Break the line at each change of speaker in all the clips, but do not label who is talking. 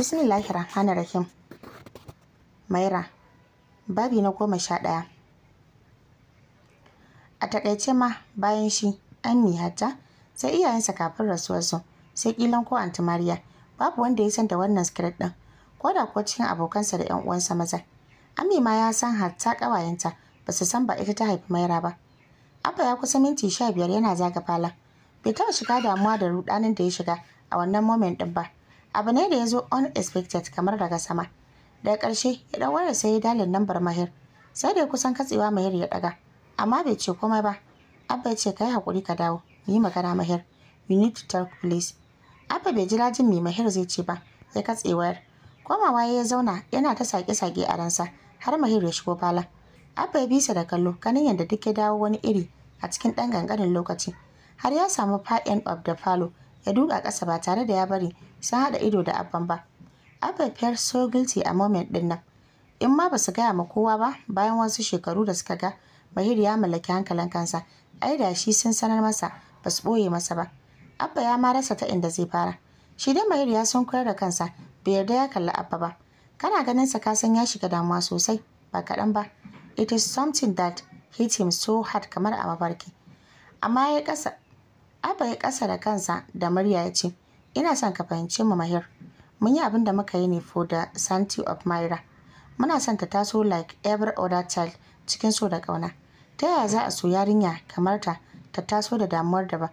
bismillahir rahmanir rahim maira babi na goma sha ɗaya a taƙaice ma bayan shi ni hatta sai iyayensa kafin rasuwarsu sai ƙilan ko anti mariya babu wanda ya san da wannan script ɗin ko da kuwa cikin abokansa da yan uwansa maza ami ma ya san hatta ƙawayenta ba su san ba ita ta haifi maira ba abba ya kusa minti sha biyar yana zaga fala bai taɓa shiga damuwa da ruɗanin da ya shiga a wannan moment ɗin ba abu ne da ya zo unexpected kamar daga sama daga ƙarshe ya ɗan wayar sai ya dalin lambar mahir sai da kusan katsewa mahir ya ɗaga amma bai ce komai ba abba ya ce ka yi hakuri ka dawo mu yi magana mahir you need to talk please abba bai jira jin me mahir zai ce ba ya katse wayar komawa ya zauna yana ta sake-sake a ransa har mahir ya shigo falon abba ya bisa da kallo ganin yadda duk ya dawo wani iri a cikin ɗan ganganin lokaci har ya samu fa'in of the falo ya duka ƙasa ba tare da ya bari sun haɗa ido da abban ba abba fiyar so guilty a moment din nan in ma ba su gaya ma kowa ba bayan wasu shekaru da suka ga mahir ya mallaki hankalin kansa ai da shi sun sanar masa ba su ɓoye masa ba abba ya ma rasa ta inda zai fara shi dai mahir ya sun koyar da kansa bai yarda ya kalli abba ba kana ganin sa ka san ya shiga damuwa sosai ba kaɗan ba it is something that hit him so hard kamar a mafarki amma ya kasa. Abba ya kasa da kansa da murya ya ce, Ina son ka fahimce mu Mahir. Mun yi abin da muka yi ne for the sanity of Myra. Muna son ta taso like every other child cikin so da ƙauna. Ta yaya za a so yarinya kamar ta ta taso da damuwar da ba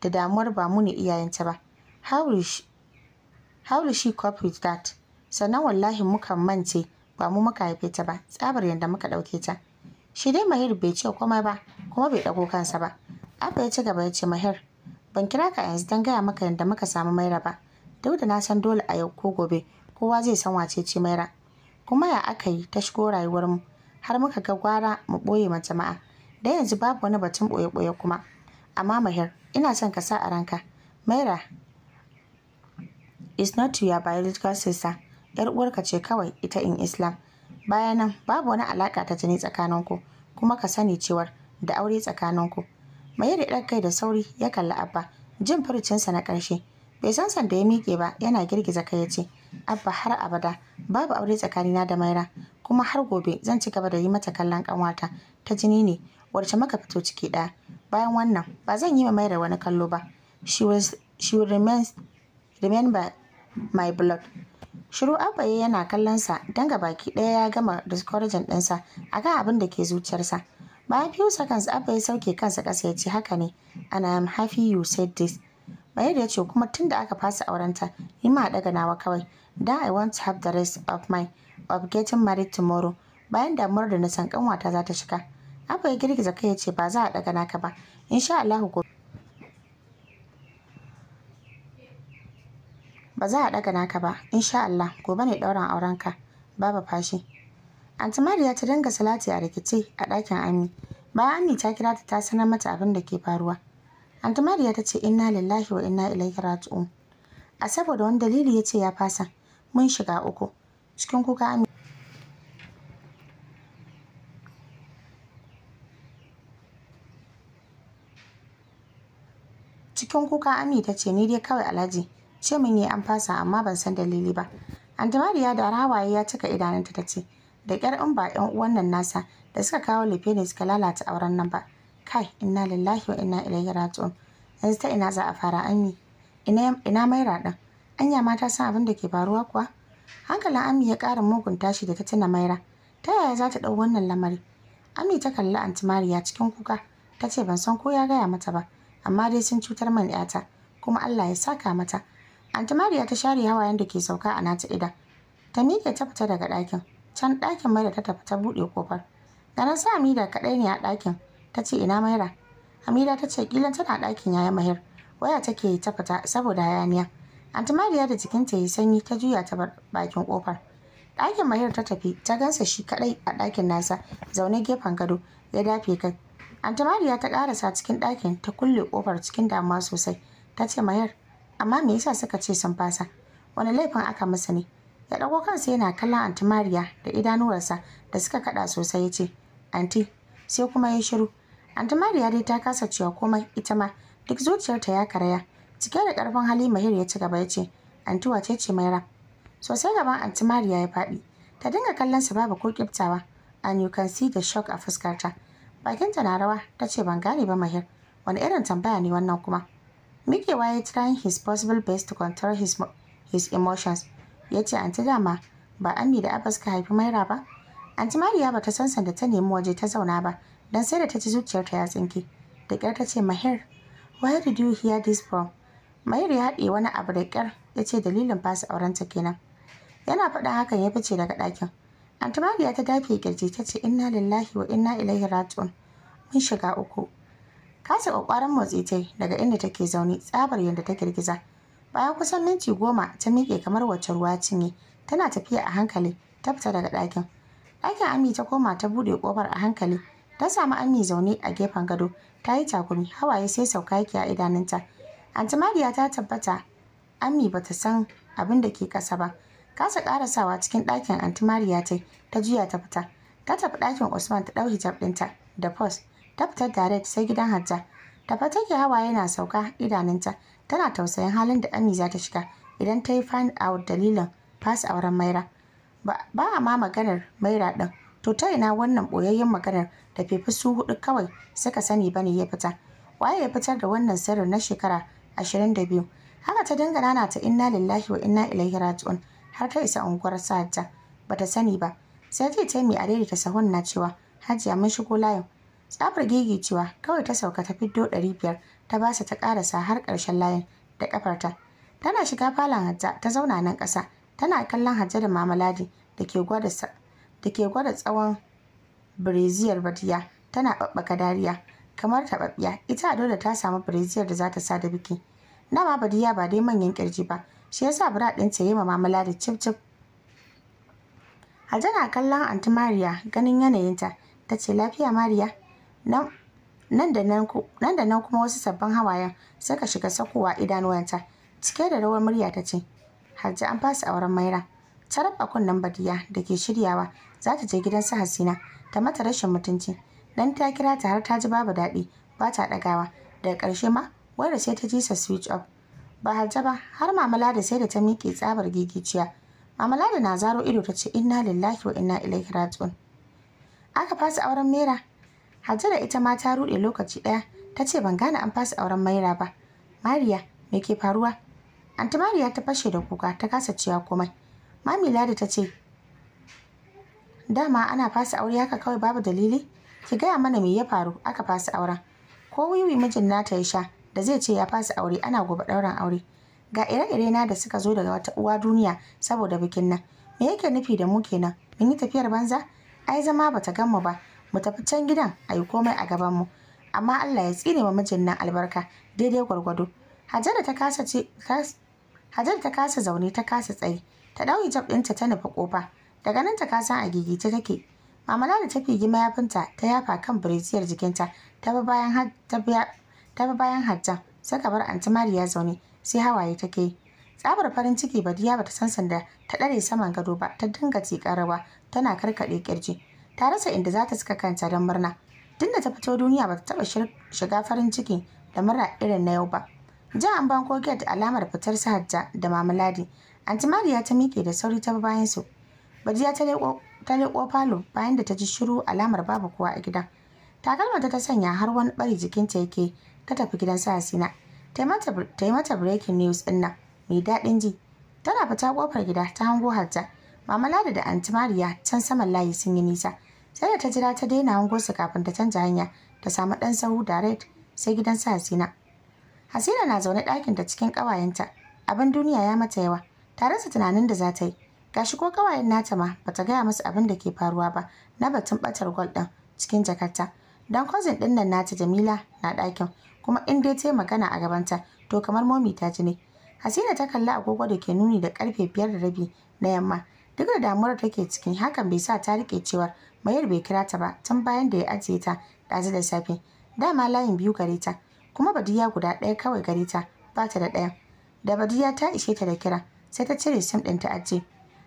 da damuwar ba mu ne iyayenta ba. How will she, cope with that? Sannan wallahi muka mance ba mu muka haife ta ba tsabar yadda muka ɗauke ta. Shi dai Mahir bai ce komai ba kuma bai ɗago kansa ba. Abba ya ci gaba ya ce Mahir ban kira ka yanzu don gaya maka yadda muka samu maira ba duk da na san dole a yau ko gobe kowa zai san wace ce maira kuma ya aka yi ta shigo rayuwarmu har muka ga gwara mu boye ma jama'a da yanzu babu wani batun boye boye kuma amma mahir ina son ka sa a ranka maira is not your biological sister yar uwarka ce kawai ita in islam bayanan babu wani alaka ta jini tsakaninku kuma ka sani cewar da aure tsakaninku mai da ɗan kai da sauri ya kalli abba jin furucinsa na ƙarshe bai san sanda ya miƙe ba yana girgiza kai ya ce abba har abada babu aure tsakanina da maira kuma har gobe zan ci gaba da yi mata kallon ƙanwata ta jini ne wacce maka fito ciki ɗaya bayan wannan ba zan yi ma maira wani kallo ba she will remember my blood shiru abba yana kallonsa don baki ɗaya ya gama discouraging ɗinsa a akan abin da ke zuciyarsa bayan few seconds abba ya sauke kansa ƙasa ya ce haka ne ana i am happy you said this da ya ce kuma tun da aka fasa aurenta ni ma daga nawa kawai da i want to have the rest of my of getting married tomorrow bayan damuwar da na san kanwata za ta shiga abba ya girgiza kai ya ce ba za a daga naka ba insha Allah gobe ba za a daga naka ba insha Allah gobe ne ɗaurin aurenka baba fashi Anti Mariya ta danga salati a rikice a ɗakin Ami. Bayan Ami ta kira ta ta sanar mata abin da ke faruwa. Anti Mariya ta ce inna lillahi wa inna ilaihi raji'un. A saboda wani dalili ya ce ya fasa mun shiga uku. Cikin kuka Ami cikin kuka Ami ta ce ni dai kawai Alhaji ce mun yi an fasa amma ban san dalili ba. Anti Mariya da rawaye ya cika idanunta ta ce da ƙyar in ba ƴan uwan nan nasa da suka kawo lefe ne suka lalata auren nan ba kai inna lillahi wa inna ilaihi raji'un yanzu ta ina za a fara ami ina ina maira din anya mata san abin da ke faruwa kuwa hankalin ami ya ƙara mugun tashi da ta tuna maira ta yaya za ta ɗau wannan lamari ami ta kalli anti mariya cikin kuka ta ce ban san ko ya gaya mata ba amma dai sun cutar man yata kuma allah ya saka mata anti mariya ta share hawayen da ke sauka a nata ida ta miƙe ta fita daga ɗakin can ɗakin maida ta tafi ta buɗe kofar ganin sa amida kaɗai ne a ɗakin ta ce ina maira amida ta ce ƙilan tana ɗakin yaya mahir waya take ta fita saboda hayaniya anti mariya da jikinta yi sanyi ta juya ta bar bakin kofar ɗakin mahir ta tafi ta gansa shi kaɗai a ɗakin nasa zaune gefen gado ya dafe kai anti mariya ta ƙarasa cikin ɗakin ta kulle kofar cikin damuwa sosai ta ce mahir amma me yasa suka ce sun fasa wani laifin aka masa ne ya ɗago kansa yana kallon anti mariya da idanuwarsa da suka kaɗa sosai ya ce anti sai kuma ya shiru anti mariya dai ta kasa cewa komai ita ma duk zuciyarta ya karaya cike da ƙarfin hali mahir ya ci gaba ya ce anti wace ce ra sosai gaban anti mariya ya faɗi ta dinga kallon sa babu ko kiftawa and you can see the shock a fuskarta bakinta na rawa ta ce ban gane ba mahir wani irin tambaya ne wannan kuma mikewa ya trying his possible best to control his emotions ya ce anti dama ba ami da abbas ka haifi maira ba anti mariya ba ta san sanda ta nemi waje ta zauna ba dan sai da ta ji zuciyarta ya tsinke da ƙyar ta ce mahir why did you hear this from mahir ya haɗe wani abu da kyar. ya ce dalilin fasa ta kenan yana faɗa hakan ya fice daga ɗakin anti mariya ta dafe kirji ta ce inna lillahi wa inna ilaihi raji'un mun shiga uku kasa ƙwaƙwaran motsi ta daga inda take zaune tsabar yadda ta girgiza bayan kusan minti goma ta miƙe kamar wacce ruwa cinye tana tafiya a hankali ta fita daga ɗakin ɗakin ami ta koma ta buɗe ƙofar a hankali ta samu ami zaune a gefen gado ta yi takumi hawaye sai sauka yake a idanunta anti mariya ta tabbata ami ba ta san abin da ke ƙasa ba kasa ƙarasawa cikin ɗakin anti mariya ta ta juya ta fita ta tafi ɗakin usman ta ɗau hijab ɗinta da pos ta fita direct sai gidan hajja tafa take hawa yana sauka idanunta tana tausayin halin da ami za ta shiga idan ta yi find out dalilin fasa auren maira ba a ma maganar maira ɗin to ta ina wannan ɓoyayyen maganar da fefi su hudu kawai suka sani ba ne ya fita waye ya fitar da wannan sirrin na shekara 22 haka ta dinga nana ta inna lillahi wa inna ilaihi raji'un har ta isa unguwar sa'adta ta sani ba sai ta ta mai adai ta sahun na cewa hajiya mun shigo layin Tsafar gigi cewa kawai ta sauka ta fiddo biyar. ta ba sa ta karasa har ƙarshen layin da ƙafarta tana shiga falon hajja ta zauna nan ƙasa tana kallon hajja da mamaladi da ke gwada tsawon breziyar badiya tana babbaka dariya kamar taɓaɓɓiya ita dole ta samu breziyar da za ta sa da biki Nama badiya ba dai manyan kirji ba shi yasa bura ta yi ma mamaladi cip cip hajja na kallon Aunty mariya ganin yanayinta ta ce lafiya mariya nan da nan kuma wasu sabbin hawayen suka shiga sakowa idanuwanta cike da rawar murya ta ce hajji an fasa auren maira ta raba kunnen badiya da ke shiryawa za ta je gidan su hasina ta mata rashin mutunci dan ta kira ta har ta ji babu daɗi ba ta ɗagawa daga ƙarshe ma wanda sai ta ji sa switch off ba Hajji ba har mamala da sai da ta miƙe tsabar gigiciya mamala da na zaro ido ta ce inna lillahi wa inna ilaihi raji'un aka fasa auren mera Hajara ita ma ta rude lokaci daya ta ce ban gane an fasa auren Maira ba. Mariya me ke faruwa? Anti Mariya ta fashe da kuka ta kasa cewa komai. Mami Ladi ta ce dama ana fasa aure haka kawai babu dalili? Ki gaya mana me ya faru aka fasa auren. Ko wiwi mijin nata ya sha da zai ce ya fasa aure ana gobe ɗaurin aure. Ga ire-ire na da suka zo daga wata uwa duniya saboda bikin nan. Me yake nufi da mu kenan? Mun yi tafiyar banza? Ai zama bata gammu ba. mu tafi can gidan a yi komai a gabanmu amma allah ya tsine wa mijin nan albarka daidai gwargwado hajara ta kasa ta kasa zaune ta kasa tsaye, ta ɗau hijab ɗinta ta nufi ƙofa. Daga nan ta kasa a gigice take. Mamala da ta figi mayafinta ta yafa kan birisiyar jikinta ta bi bayan hajja hajjan saka bar anti Mariya zaune sai hawaye take yi. Tsabar farin ciki Badiya ta san sanda ta ɗare saman gado ba ta dinga rawa tana karkaɗe ƙirji. ta rasa inda za ta saka kanta don murna tun da ta fito duniya ba ta taɓa shiga farin ciki da murna irin na yau ba ja an banko gate alamar fitar su hajja da mamaladi anti mariya ta miƙe da sauri ta bayan su bajiya ta leƙo falo bayan da ta ji shiru alamar babu kowa a gidan takalmata ta sanya har wani ɓari jikinta yake ta tafi gidan sa hasina ta yi mata breaking news din nan mai daɗin ji tana fita kofar gida ta hango hajja mamalada da anti mariya can saman layi sun yi nisa sai da ta jira ta daina hangonsu kafin ta canza hanya ta samu ɗan sahu direct sai gidan su hasina hasina na zaune ɗakin ta cikin ƙawayenta abin duniya ya mata yawa ta rasa tunanin da za ta yi gashi ko ƙawayen nata ma bata gaya musu abin da ke faruwa ba na batun ɓatar gwal ɗin cikin jakarta dan cousin ɗin nan nata jamila na ɗakin kuma in dai ta yi magana a gabanta to kamar momi ta ji ne hasina ta kalli agogo da ke nuni da karfe biyar da rabi na yamma duk da damuwar da take cikin hakan bai sa ta rike cewar mayar bai kira ta ba tun bayan da ya ajiye ta ɗazu da safe dama layin biyu gare ta kuma badiya guda ɗaya kawai gare ta ba ta da ɗaya da badiya ta ishe ta da kira sai ta cire sim ɗin ta ajiye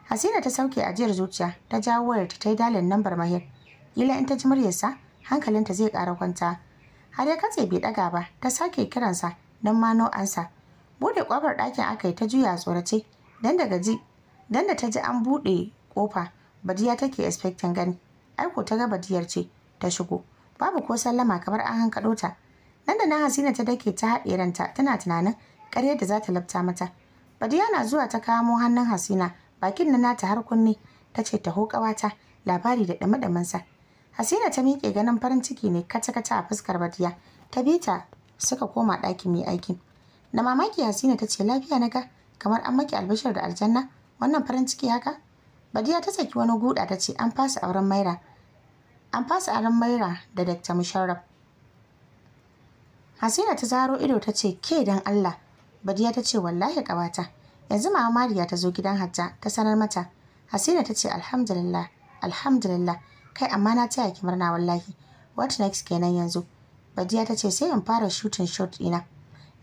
hasina ta sauke ajiyar zuciya ta jawo wayar ta yi dalin lambar mahir kila in ta ji muryarsa hankalinta zai ƙara kwanta har ya katse bai ɗaga ba ta sake kiransa don ma ansa bude ƙofar ɗakin aka yi ta juya tsorace don daga ji dan da ta ji an buɗe ƙofa badiya take expecting gani aiko ta ga badiyar ce ta shigo babu ko sallama kamar an hankaɗo ta nan da na hasina ta dake ta haɗe ranta tana tunanin ƙaryar da za ta labta mata badiya na zuwa ta kamo hannun hasina bakin na nata har kunne ta ce taho ƙawata labari da ɗame sa hasina ta miƙe ganin farin ciki ne kaca-kaca a fuskar badiya ta bi ta suka koma ɗakin mai aikin. na mamaki hasina ta ce lafiya na ga kamar an maki albashir da aljanna wannan farin ciki haka badiya ta saki wani guda ta ce an fasa auren maira an fasa auren maira da dr musharraf hasina ta zaro ido ta ce ke dan allah badiya ta ce wallahi kabata yanzu mama mariya ta zo gidan hajja ta sanar mata hasina ta ce alhamdulillah alhamdulillah kai amma na taya ki murna wallahi what next kenan yanzu badiya ta ce sai in fara shooting shot ɗina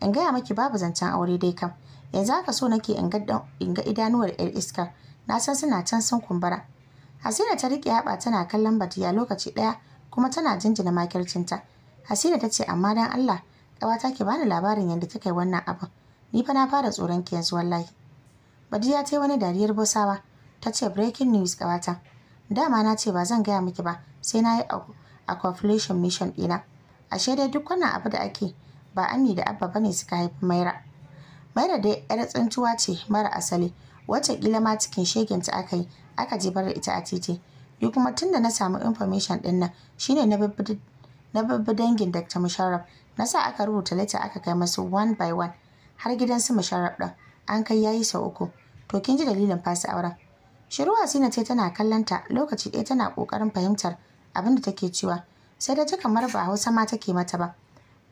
in gaya maki babu zancen aure dai kam yanzu haka so nake in ga idanuwar yar iskar na san suna can sun kumbura hasina ta riƙe haɓa tana kallon batiya lokaci ɗaya kuma tana jinjina makircinta hasina ta ce amma dan allah ƙawata ke bani labarin yadda ta kai wannan abin ni fa na fara tsoron ki yanzu wallahi badiya ta yi wani dariyar bosawa ta ce breaking news ƙawata dama na ce ba zan gaya miki ba sai na yi a confirmation mission ɗina ashe dai duk wannan abu da ake ba ami da abba bane suka haifi maira Maida dai 'yar tsintuwa ce mara asali, wacce ƙila ma cikin ta aka yi, aka jefar da ita a titi. Ni kuma tun na samu information ɗin nan, shi ne na babbi dangin Dr. Musharraf, na sa aka rubuta leta aka kai masu one by one, har gidan su Musharraf ɗin, an kai yayi yi sau uku. To kin ji dalilin fasa auren. Shiru Hasina ce tana kallon lokaci ɗaya tana ƙoƙarin fahimtar abin da take cewa, sai da ta kamar ba Hausa ma take mata ba.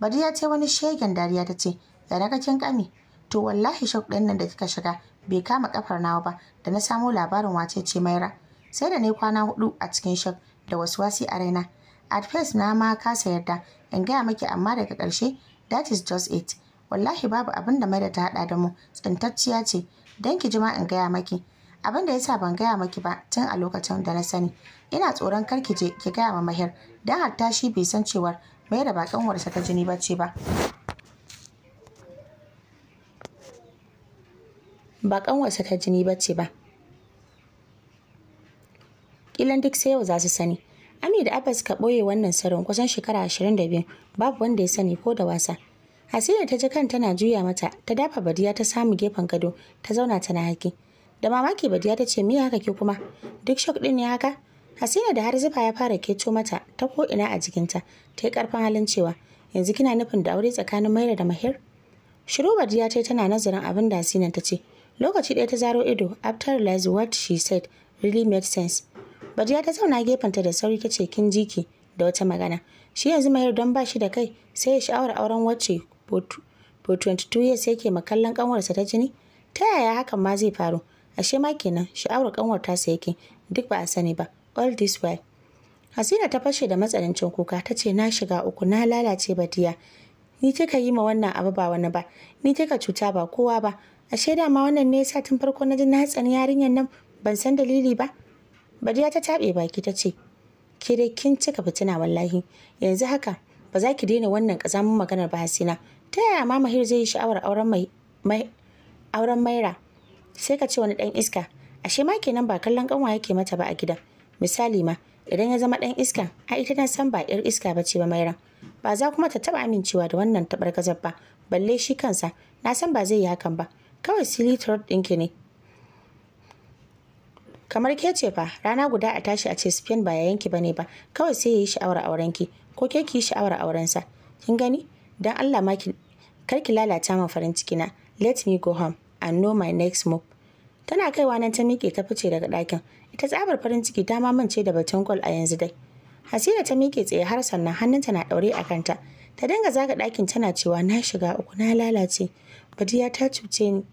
Badiya ce wani shegen dariya ta ce, yana kakin ƙami, to wallahi shok ɗin nan da kika shiga bai kama kafar nawa ba da na samo labarin wace ce maira sai da ne kwana hudu a cikin shauk da wasu wasi a raina at first na ma kasa yarda in gaya maki amma daga ƙarshe that is just it wallahi babu abin da maida ta hada da mu tsintacciya ce dan ki jima in gaya maki abin da yasa ban gaya maki ba tun a lokacin da na sani ina tsoron kar ki je ki gaya ma mahir dan hatta shi bai san cewar maida ba kanwarsa ta jini ba ce ba ba ƙanwarsa ta jini ba ce ba kilan duk sai yau za su sani ami da abbas ka ɓoye wannan sarin kusan shekara ashirin da biyu babu wanda ya sani ko da wasa hasina ta ji kan tana juya mata ta dafa badiya ta samu gefen gado ta zauna tana haƙi. da mamaki badiya ta ce miya haka ke kuma duk shock ɗin ne haka hasina da har zufa ya fara keto mata ta ko ina a jikinta ta yi ƙarfin halin cewa yanzu kina nufin da aure tsakanin maira da mahir shiru badiya ta yi tana nazarin abin da hasina ta ce lokaci ɗaya ta zaro ido after realize what she said really made sense Badiya ta zauna gefenta da sauri ta ce kin jiki da wata magana. Shi yanzu mahir don ba shi da kai sai ya sha'awar auren wacce po 22 years yake makallan kanwarsa ta jini. Ta yaya hakan ma zai faru? Ashe ma kenan sha'awar kanwar tasa yake duk ba a sani ba. All this while. Hasina ta fashe da matsanancin kuka ta ce na shiga uku na lalace Badiya. Ni kika yi ma wannan abu ba wani ba. Ni kika cuta ba kowa ba. ashe dama wannan ne yasa tun farko na ji na tsani yarinyar nan ban san dalili ba badiya ta taɓe baki ta ce ke dai kin cika fitina wallahi yanzu haka ba za ki daina wannan kazamin maganar ba hasina ta yaya ma mahir zai yi sha'awar auren maira sai ka ce wani dan iska ashe ma kenan ba kallon kanwa yake mata ba a gida misali ma idan ya zama dan iska a ita na san ba yar iska ba ce ba maira ba za kuma ta taba amincewa da wannan tabar gazar ba balle shi kansa na san ba zai yi hakan ba kawai silly throat ɗinki ne kamar ke ce fa rana guda a tashi a ce spain ba yayanki bane ba kawai sai ya yi sha'awar ki, ko ke ki yi sha'awar aurensa kin gani dan Allah ma ki kar ki lalata min farin ciki na let me go home and know my next move tana kaiwa nan ta miƙe ta fice daga ɗakin ita tsabar farin ciki ta mamance da batun gol a yanzu dai hasira ta miƙe tsaye har sannan hannunta na ɗaure a kanta ta dinga zaga ɗakin tana cewa na shiga uku na lalace badiya ta cuce ni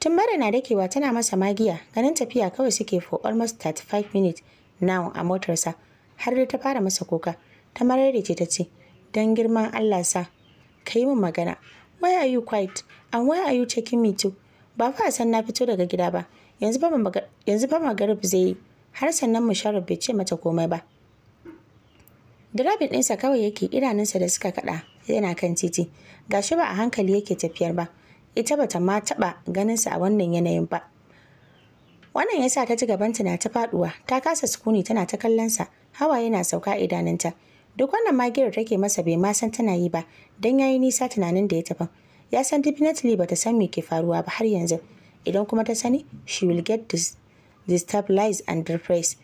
tun mara na dakewa tana masa magiya ganin tafiya kawai suke for almost 35 minutes now a motarsa har da ta fara masa kuka ta marare ce ta ce don girman Allah sa ka yi min magana why are you quiet and why are you checking me too ba fa san na fito daga gida ba yanzu fa magarib zai yi har sannan musharraf bai ce mata komai ba Dirabin ɗinsa kawai yake idanunsa da suka kaɗa yana kan titi. Ga shi ba a hankali yake tafiyar ba. Ita bata ma taɓa ganinsa a wannan yanayin ba. Wannan yasa ta ji ta na ta faɗuwa, ta kasa sukuni tana ta kallon sa hawa yana sauka idanunta. Duk wannan magiyar take masa bai ma san tana yi ba, don ya yi nisa tunanin da ya tafi. Ya san definitely bata san me ke faruwa ba har yanzu. Idan kuma ta sani, she will get this destabilized and depressed.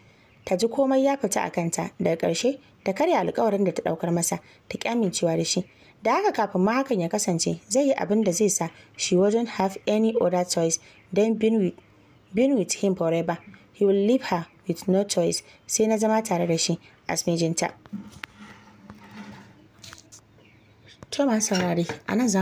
ta ji komai ya fita a kanta daga ƙarshe ta karya alkawarin da ta ɗaukar masa ta kyamincewa da shi da haka kafin ma hakan ya kasance zai yi abin da zai sa she wouldn't have any other choice than being with, him forever he will leave her with no choice sai na zama tare da shi as mijinta. a nan